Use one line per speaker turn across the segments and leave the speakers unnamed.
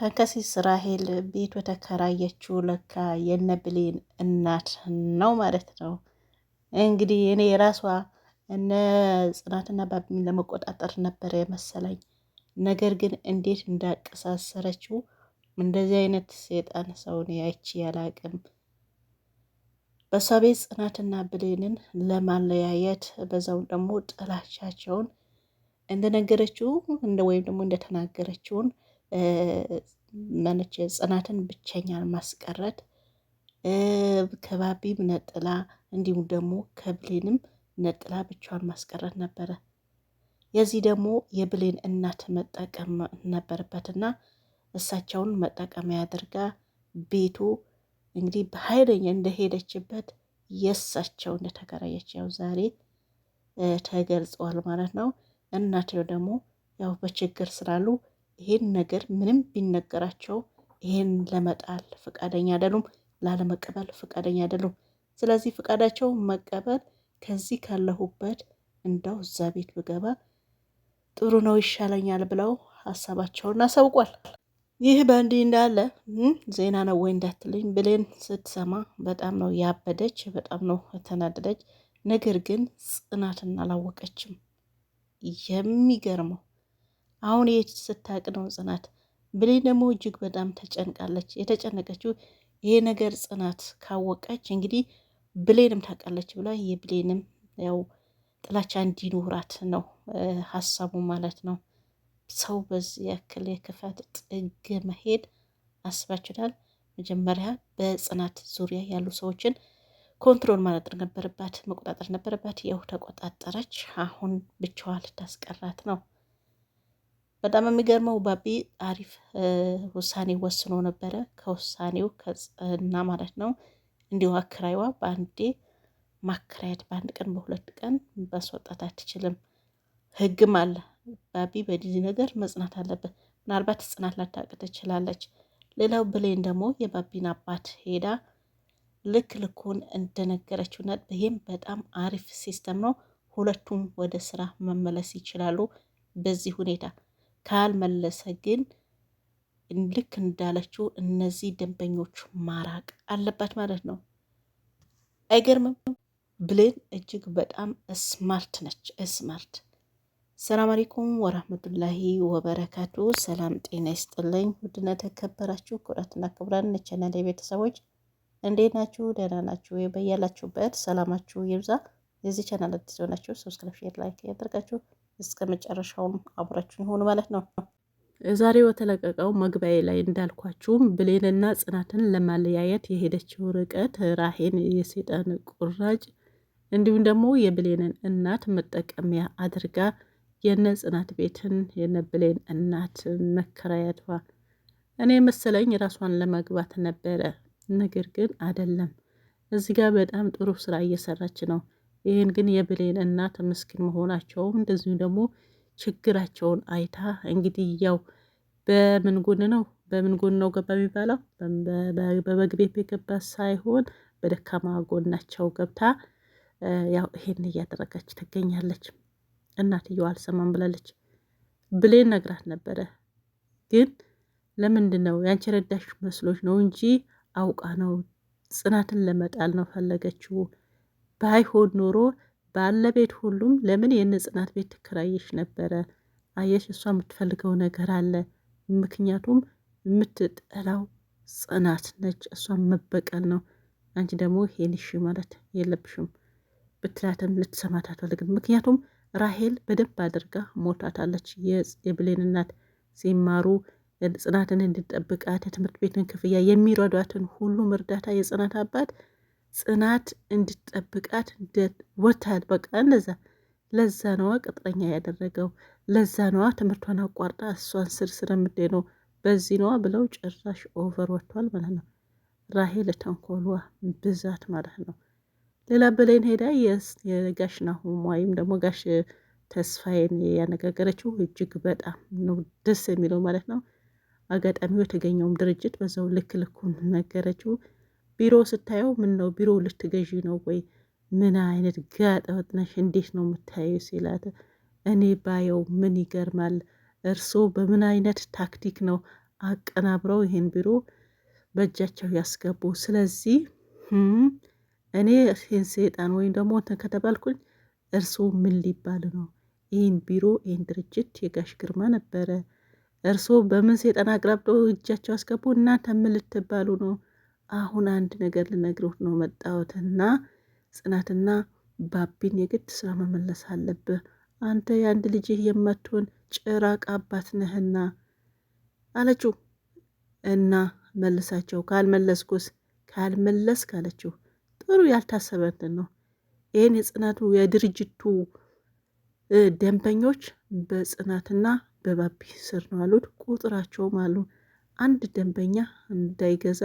ተንከሲት ስራ ቤት ቤቱ ተከራየችው ለካ የነብሌን እናት ነው ማለት ነው። እንግዲህ እኔ ራሷ እነ ጽናትና ባቢን ለመቆጣጠር ነበረ የመሰለኝ። ነገር ግን እንዴት እንዳቀሳሰረችው እንደዚህ አይነት ሴጣን ሰውን አይቼ አላቅም። በእሷ ቤት ጽናትና ብሌንን ለማለያየት በዛውን ደግሞ ጥላቻቸውን እንደነገረችው ወይም ደግሞ እንደተናገረችውን መነች ጽናትን ብቸኛን ማስቀረት ከባቢም ነጥላ እንዲሁም ደግሞ ከብሌንም ነጥላ ብቻዋን ማስቀረት ነበረ። የዚህ ደግሞ የብሌን እናት መጠቀም ነበረበትና እሳቸውን መጠቀሚያ አድርጋ ቤቱ እንግዲህ በኃይለኛ እንደሄደችበት የእሳቸው እንደተከራየች ያው ዛሬ ተገልጸዋል ማለት ነው። እናትየው ደግሞ ያው በችግር ስላሉ ይሄን ነገር ምንም ቢነገራቸው ይሄን ለመጣል ፈቃደኛ አይደሉም፣ ላለመቀበል ፈቃደኛ አይደሉም። ስለዚህ ፈቃዳቸው መቀበል ከዚህ ካለሁበት እንደው እዛ ቤት ብገባ ጥሩ ነው ይሻለኛል ብለው ሀሳባቸውን አሳውቋል። ይህ በእንዲህ እንዳለ ዜና ነው ወይ እንዳትልኝ ብሌን ስትሰማ በጣም ነው ያበደች፣ በጣም ነው ተናደደች። ነገር ግን ጽናትን አላወቀችም። የሚገርመው አሁን ይህች ስታቅ ነው ጽናት ብሌን ደግሞ እጅግ በጣም ተጨንቃለች። የተጨነቀችው ይሄ ነገር ጽናት ካወቀች እንግዲህ ብሌንም ታውቃለች ብላ የብሌንም ያው ጥላቻ እንዲኖራት ነው ሀሳቡ ማለት ነው። ሰው በዚህ ያክል የክፋት ጥግ መሄድ አስባችኋል? መጀመሪያ በጽናት ዙሪያ ያሉ ሰዎችን ኮንትሮል ማለት ነበረባት፣ መቆጣጠር ነበረባት። ያው ተቆጣጠረች። አሁን ብቻዋ ልታስቀራት ነው። በጣም የሚገርመው ባቢ አሪፍ ውሳኔ ወስኖ ነበረ። ከውሳኔው እና ማለት ነው እንዲሁ አክራይዋ በአንዴ ማከራየት በአንድ ቀን በሁለት ቀን ማስወጣት አትችልም፣ ህግም አለ። ባቢ በዚህ ነገር መጽናት አለበት። ምናልባት ጽናት ላታውቅ ትችላለች። ሌላው ብሌን ደግሞ የባቢን አባት ሄዳ ልክ ልኩን እንደነገረችው ና ይህም በጣም አሪፍ ሲስተም ነው። ሁለቱም ወደ ስራ መመለስ ይችላሉ በዚህ ሁኔታ ካልመለሰ ግን ልክ እንዳለችው እነዚህ ደንበኞች ማራቅ አለባት ማለት ነው። አይገርምም? ብሌን እጅግ በጣም ስማርት ነች። ስማርት ሰላም አለይኩም ወራህመቱላሂ ወበረካቱ። ሰላም ጤና ይስጥልኝ። ውድና ተከበራችሁ ኩራትና ክብራን ቻናል ቤተሰቦች እንዴት ናችሁ? ደህና ናችሁ? በያላችሁበት ሰላማችሁ ይብዛ። የዚህ ቻናል አዲስ ሆናችሁ ሰብስክራይብ፣ ላይክ ያደርጋችሁ እስከ መጨረሻውም አብራችሁ ይሆኑ ማለት ነው።
ዛሬ በተለቀቀው መግቢያ ላይ እንዳልኳችሁም ብሌንና ጽናትን ለማለያየት የሄደችው ርቀት ራሄን የሴጣን ቁራጭ እንዲሁም ደግሞ የብሌንን እናት መጠቀሚያ አድርጋ የነ ጽናት ቤትን የነ ብሌን እናት መከራየቷ እኔ መሰለኝ ራሷን ለመግባት ነበረ። ነገር ግን አይደለም። እዚህ ጋር በጣም ጥሩ ስራ እየሰራች ነው። ይህን ግን የብሌን እናት ምስኪን መሆናቸውም እንደዚሁ ደግሞ ችግራቸውን አይታ እንግዲህ ያው በምን ጎን ነው በምን ጎን ነው ገባ የሚባለው በበግ ቤት የገባ ሳይሆን በደካማ ጎናቸው ገብታ ያው ይሄን እያደረገች ትገኛለች። እናትየው አልሰማም ብላለች። ብሌን ነግራት ነበረ። ግን ለምንድን ነው ያንቺ ረዳሽ መስሎች ነው እንጂ አውቃ ነው ጽናትን ለመጣል ነው ፈለገችው። ባይሆን ኖሮ ባለቤት ሁሉም ለምን የነጽናት ቤት ትከራየሽ ነበረ? አየሽ እሷ የምትፈልገው ነገር አለ። ምክንያቱም የምትጠላው ጽናት ነች። እሷ መበቀል ነው። አንቺ ደግሞ ሄንሽ ማለት የለብሽም ብትላትም ልትሰማት አትፈልግም። ምክንያቱም ራሄል በደንብ አድርጋ ሞታታለች። የብሌን እናት ሲማሩ ጽናትን እንድጠብቃት የትምህርት ቤትን ክፍያ የሚረዷትን ሁሉም እርዳታ የጽናት አባት ጽናት እንድትጠብቃት ወታድ በቃ እንደዛ። ለዛ ነዋ ቅጥረኛ ያደረገው። ለዛ ነዋ ትምህርቷን አቋርጣ እሷን ስር ስለምትሄድ ነው። በዚህ ነዋ ብለው ጭራሽ ኦቨር ወጥቷል ማለት ነው። ራሄል ተንኮሏ ብዛት ማለት ነው። ሌላ በላይን ሄዳ የጋሽ ናሁም ወይም ደግሞ ጋሽ ተስፋዬን ያነጋገረችው እጅግ በጣም ነው ደስ የሚለው ማለት ነው። አጋጣሚው የተገኘውም ድርጅት በዛው ልክ ልኩን ነገረችው። ቢሮ ስታየው ምን ነው ቢሮ ልትገዢ ነው ወይ? ምን አይነት ጋጠወጥ ነሽ? እንዴት ነው የምታየው ሲላት እኔ ባየው ምን ይገርማል? እርስዎ በምን አይነት ታክቲክ ነው አቀናብረው ይሄን ቢሮ በእጃቸው ያስገቡ። ስለዚህ እኔ ይህን ሴጣን ወይም ደግሞ እንትን ከተባልኩኝ እርስዎ ምን ሊባል ነው? ይህን ቢሮ ይህን ድርጅት የጋሽ ግርማ ነበረ። እርስዎ በምን ሰይጣን አቅራብደው እጃቸው ያስገቡ? እናንተ ምን ልትባሉ ነው? አሁን አንድ ነገር ልነግርህ ነው መጣሁትና ጽናትና ባቢን የግድ ስራ መመለስ አለብህ። አንተ የአንድ ልጅህ የማትሆን ጭራቅ አባት ነህና አለችው። እና መልሳቸው ካልመለስኩስ ካልመለስ ካለችው ጥሩ ያልታሰበትን ነው። ይህን የጽናቱ የድርጅቱ ደንበኞች በጽናትና በባቢ ስር ነው አሉት። ቁጥራቸውም አሉ አንድ ደንበኛ እንዳይገዛ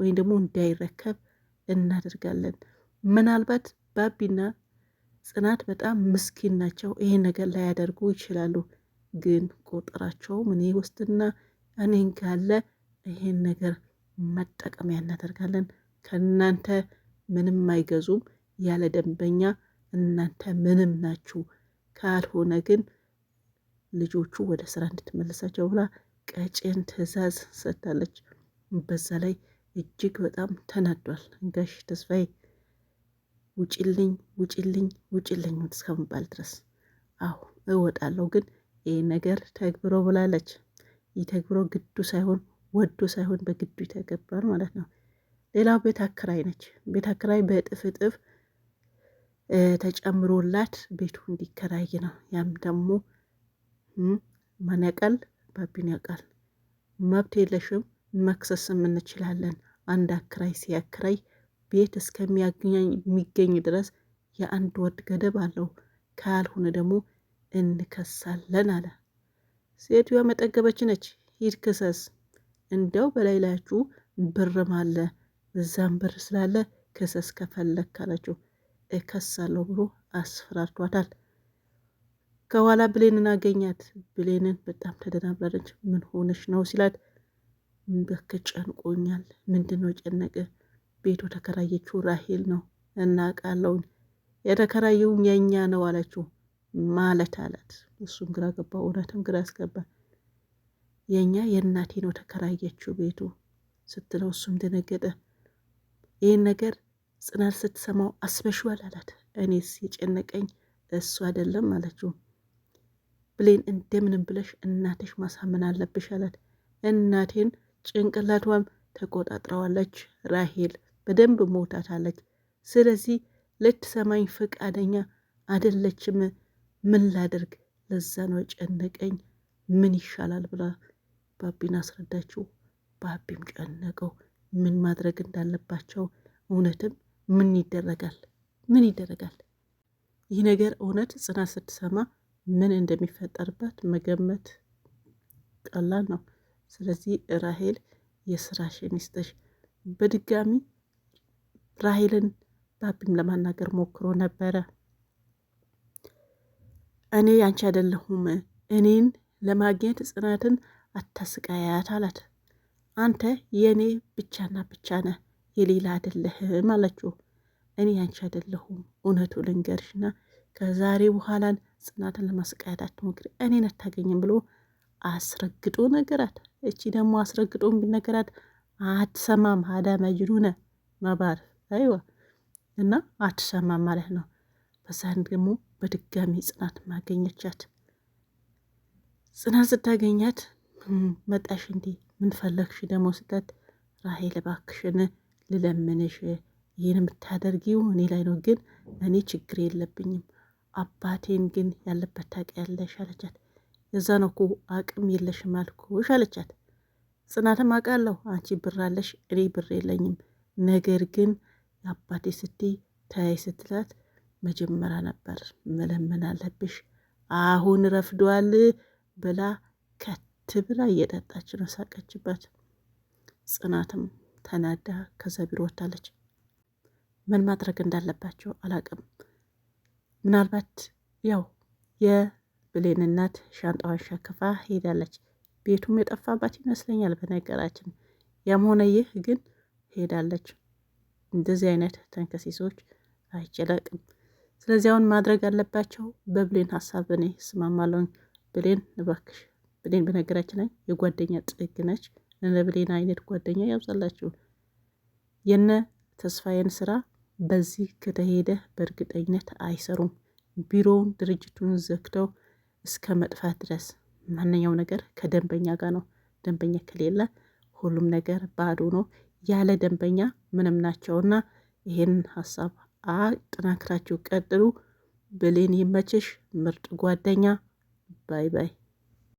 ወይም ደግሞ እንዳይረከብ እናደርጋለን። ምናልባት ባቢና ጽናት በጣም ምስኪን ናቸው። ይሄን ነገር ላያደርጉ ይችላሉ። ግን ቁጥራቸውም እኔ ውስጥና እኔን ካለ ይሄን ነገር መጠቀሚያ እናደርጋለን። ከእናንተ ምንም አይገዙም። ያለ ደንበኛ እናንተ ምንም ናችሁ። ካልሆነ ግን ልጆቹ ወደ ስራ እንድትመልሳቸው ብላ ቀጭን ትዕዛዝ ሰጥታለች። በዛ ላይ እጅግ በጣም ተናዷል። ጋሽ ተስፋዬ ውጭልኝ፣ ውጭልኝ፣ ውጭልኝ እስከምባል ድረስ አሁ እወጣለሁ፣ ግን ይህ ነገር ተግብሮ ብላለች። ይህ ተግብሮ ግዱ ሳይሆን ወዶ ሳይሆን በግዱ ይተገባል ማለት ነው። ሌላው ቤት አከራይ ነች። ቤት አከራይ በእጥፍ እጥፍ ተጨምሮላት ቤቱ እንዲከራይ ነው። ያም ደግሞ ማን ያውቃል? ባቢን ያውቃል። መብት የለሽም መክሰስም እንችላለን አንድ አክራይ ሲያክራይ ቤት እስከሚገኝ ድረስ የአንድ ወር ገደብ አለው። ካልሆነ ደግሞ እንከሳለን አለ። ሴትዮዋ መጠገበች ነች። ሂድ ክሰስ፣ እንዲያው በላይ ላያችሁ ብርም አለ፣ እዛም ብር ስላለ ክሰስ ከፈለግ ካላቸው እከሳለሁ ብሎ አስፈራርቷታል። ከኋላ ብሌንን አገኛት። ብሌንን በጣም ተደናብራለች። ምን ሆነች ነው ሲላት በክ ጨንቆኛል። ምንድን ነው ጨነቀ? ቤቱ ተከራየችው ራሄል ነው እናውቃለውን የተከራየውም የእኛ ነው አለችው። ማለት አላት። እሱም ግራ ገባ። እውነትም ግራ አስገባ። የእኛ የእናቴ ነው ተከራየችው ቤቱ ስትለው እሱም ደነገጠ። ይህን ነገር ጽናት ስትሰማው አስበሽዋል አላት። እኔስ የጨነቀኝ እሱ አይደለም አለችው። ብሌን እንደምንም ብለሽ እናትሽ ማሳመን አለብሽ አላት። እናቴን ጭንቅላቷም ተቆጣጥረዋለች። ራሄል በደንብ ሞታታለች። ስለዚህ ልትሰማኝ ፈቃደኛ አይደለችም። ምን ላደርግ? ለዛ ነው ጨነቀኝ። ምን ይሻላል ብላ ባቢን አስረዳችው። ባቢም ጨነቀው። ምን ማድረግ እንዳለባቸው እውነትም ምን ይደረጋል? ምን ይደረጋል? ይህ ነገር እውነት ጽናት ስትሰማ ምን እንደሚፈጠርበት መገመት ቀላል ነው። ስለዚህ ራሄል የስራሽን ይስጠሽ። በድጋሚ ራሄልን ባቢም ለማናገር ሞክሮ ነበረ። እኔ ያንቺ አይደለሁም እኔን ለማግኘት ጽናትን አታስቃያት አላት። አንተ የእኔ ብቻና ብቻ ነህ የሌላ አይደለህም አለችው። እኔ ያንቺ አይደለሁም እውነቱ ልንገርሽና ከዛሬ በኋላን ጽናትን ለማስቃያት አትሞክሪ፣ እኔን አታገኝም ብሎ አስረግጦ ነገራት። እቺ ደግሞ አስረግጦ ቢነገራት አትሰማም። ሀዳ መጅኑነ መባር አይዋ እና አትሰማም ማለት ነው። በዛን ደግሞ በድጋሚ ጽናት ማገኘቻት። ጽናት ስታገኛት መጣሽ እንዴ ምንፈለግሽ ደግሞ ስጠት ራሄል እባክሽን ልለምንሽ ይህን የምታደርጊው እኔ ላይ ነው፣ ግን እኔ ችግር የለብኝም አባቴን ግን ያለበት ታውቂያለሽ አለቻት። እዛ ነው እኮ አቅም የለሽም አልኩሽ አለቻት። ጽናትም አውቃለሁ አንቺ ብር አለሽ፣ እኔ ብር የለኝም፣ ነገር ግን አባቴ ስትይ ተያይ ስትላት መጀመሪያ ነበር መለመን አለብሽ፣ አሁን ረፍዷል ብላ ከት ብላ እየጠጣች ነው ሳቀችበት። ጽናትም ተናዳ ከዛ ቢሮ ወታለች። ምን ማድረግ እንዳለባቸው አላቅም። ምናልባት ያው ብሌን እናት ሻንጣዋን ሸክፋ ሄዳለች። ቤቱም የጠፋባት ይመስለኛል። በነገራችን ያም ሆነ ይህ ግን ሄዳለች። እንደዚህ አይነት ተንከሲሶች አይጨለቅም። ስለዚህ አሁን ማድረግ አለባቸው። በብሌን ሀሳብ እኔ እስማማለሁኝ። ብሌን እባክሽ፣ ብሌን በነገራችን ላይ የጓደኛ ጥግ ነች። እነ ብሌን አይነት ጓደኛ ያብዛላችሁ። የነ ተስፋዬን ስራ በዚህ ከተሄደ በእርግጠኝነት አይሰሩም። ቢሮውን ድርጅቱን ዘግተው እስከ መጥፋት ድረስ ማንኛውም ነገር ከደንበኛ ጋር ነው። ደንበኛ ከሌለ ሁሉም ነገር ባዶ ነው። ያለ ደንበኛ ምንም ናቸውና ይሄንን ሀሳብ አጠናክራችሁ ቀጥሉ። ብሌን ይመችሽ፣ ምርጥ ጓደኛ። ባይ ባይ።